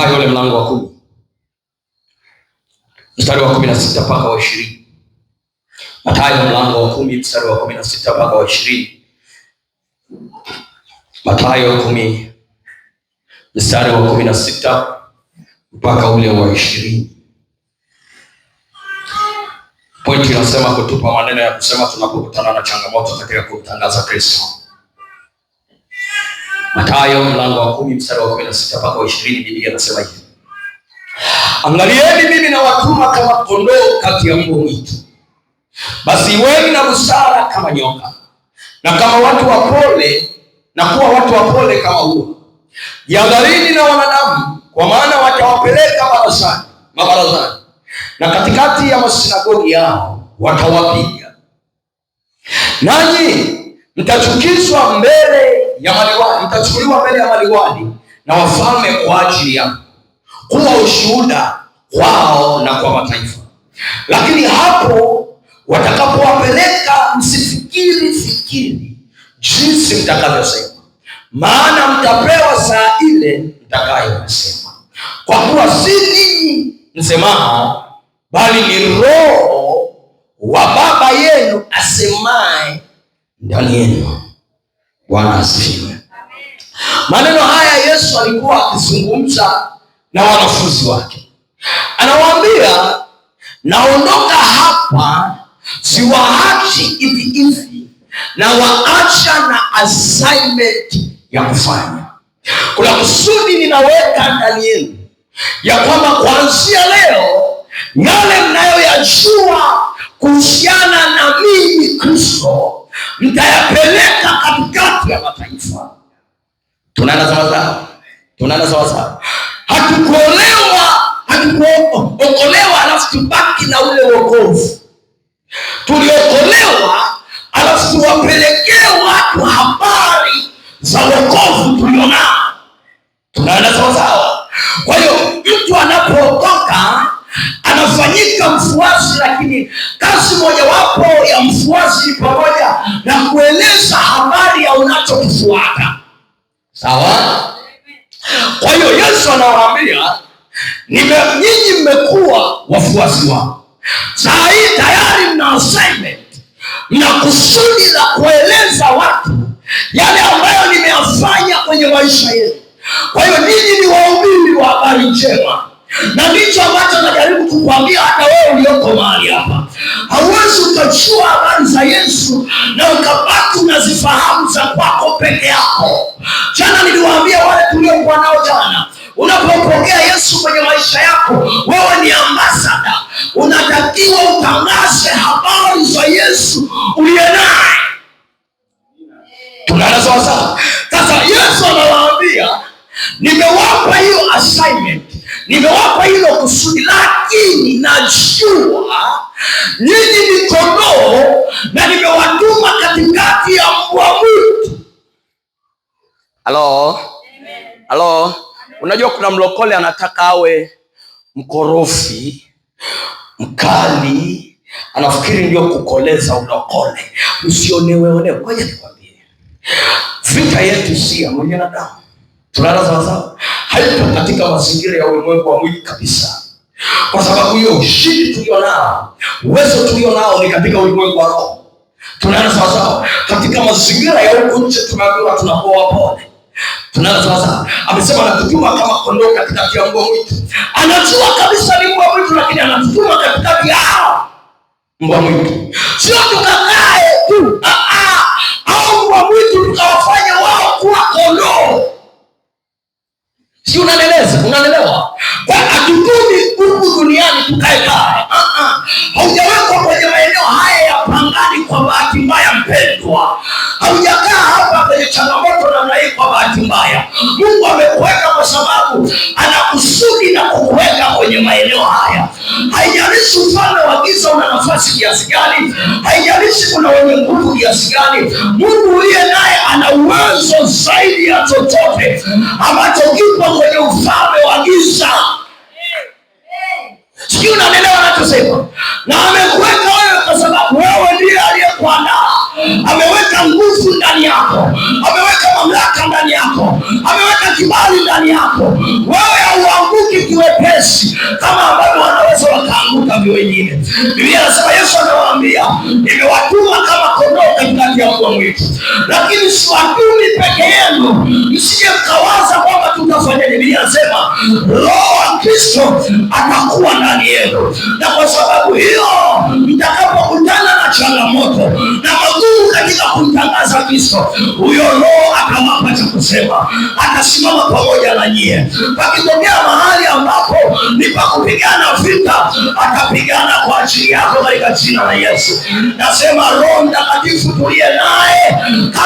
Mathayo ule mlango wa kumi mstari wa kumi na sita mpaka wa ishirini Matayo mlango wa kumi mstari wa kumi na sita mpaka wa ishirini Matayo kumi mstari wa kumi na sita mpaka ule wa ishirini Pointi inasema kutupa maneno ya kusema tunapokutana na changamoto katika kumtangaza Kristo. Mathayo mlango wa kumi mstari wa kumi na sita mpaka ishirini Biblia inasema hivi, angalieni mimi nawatuma kama kondoo kati ya mbwa mwitu. Basi iweni na busara kama nyoka na kama watu wa pole na kuwa watu wapole kama huo. Jihadharini na wanadamu, kwa maana watawapeleka mabarazani, mabarazani na katikati ya masinagogi yao watawapiga, nanyi mtachukizwa mbele ya maliwani, mtachukuliwa mbele ya maliwani na wafalme kwa ajili yako, kuwa ushuhuda kwao na kwa mataifa. Lakini hapo watakapowapeleka, msifikiri fikiri jinsi mtakavyosema, maana mtapewa saa ile mtakayosema, kwa kuwa si ninyi msemao, bali ni Roho wa Baba yenu asemaye ndani yenu. Bwana asifiwe. Maneno haya Yesu alikuwa akizungumza na wanafunzi wake, anawaambia naondoka hapa, siwaachi hivi hivi, na waacha na assignment ya kufanya. Kuna kusudi ninaweka ndani yenu ya kwamba kuanzia leo yale mnayoyajua kuhusiana na mimi Kristo nitayapeleka katikati ya mataifa. Tunaenda sawasawa, tunaenda sawasawa. Hatukuolewa, hatukuokolewa alafu tubaki na ule wokovu. Tuliokolewa alafu tuwapelekee watu habari za wokovu tulionao. Tunaenda sawasawa. Kwa hiyo mtu anapookoka anafanyika mfuasi, lakini kazi mojawapo ya mfuasi pamoja kufuata. Sawa? Kwa hiyo Yesu anawaambia nime nyinyi mmekuwa wafuasi wangu, saa hii tayari mna assignment, mna kusudi la kueleza watu yale ambayo nimeyafanya kwenye maisha yenu. Kwa hiyo ninyi ni wahubiri wa habari njema, na ndicho ambacho najaribu kukwambia hata wewe ulioko mahali hapa huwezi ukajua habari za Yesu na ukabaki unazifahamu za kwako peke yako. Jana niliwaambia wale tuliokuwa nao jana, unapompokea Yesu kwenye maisha yako, wewe ni ambasada, unatakiwa utangaze habari za Yesu uliye naye. Tunaona sawasawa? Sasa Yesu anawaambia nimewapa hiyo assignment, nimewapa hilo kusudi, lakini najua nyinyi Halo, halo. Unajua kuna mlokole anataka awe mkorofi mkali, anafikiri ndio kukoleza ulokole. Usioneweone, ngoja nikwambie, vita yetu si ya mwili na damu. sawa sawa. haipo katika mazingira ya ulimwengu wa mwili kabisa, kwa sababu hiyo ushindi tulio nao, uwezo tulio nao ni katika ulimwengu wa roho. sawa sawa. katika mazingira ya huko nje tunaambiwa tunapoa pole. Tunaona sasa amesema anatutuma kama kondoo katikati ya mbwa mwitu. Anajua kabisa ni mbwa mwitu, lakini anatutuma katikati yao mbwa mwitu, sio tukakae tu au mbwa mwitu tukawafanya wao kuwa kondoo. Si unanieleza? Unanielewa? Kwa hatutumi huku duniani tukae pale, haujawekwa kwenye maeneo haya ya pangani. Kwa bahati mbaya, mpendwa, haujakaa hapa Mungu amekuweka kwa sababu ana kusudi na kukuweka kwenye maeneo haya. Haijalishi ufalme wa giza una nafasi kiasi gani, haijalishi kuna wenye nguvu kiasi gani, Mungu uliye naye ana uwezo zaidi ya chochote ambacho kipo kwenye ufalme wa giza. Sijui unanielewa anachosema, na amekuweka wewe kwa sababu wewe ndiye aliyekuandaa, ameweka nguvu ndani yako, ameweka mamlaka ndani yako, ameweka kibali ndani yako. Wewe hauanguki kiwepesi kama ambavyo wanaweza wakaanguka wengine. Biblia inasema Yesu anawaambia, nimewatuma kama kondoo katikati ya mbwa mwitu, lakini siwatumi peke yenu, msije mkawaza kwamba tutafanya. Biblia inasema Roho wa Kristo atakuwa ndani yenu, na kwa sababu hiyo changamoto na magumu katika kumtangaza Kristo, huyo Roho akamapa cha kusema, atasimama pamoja na nyie. Pakitokea mahali ambapo ni pa kupigana vita, atapigana kwa ajili yako katika jina la Yesu. Nasema Roho Mtakatifu tuliye naye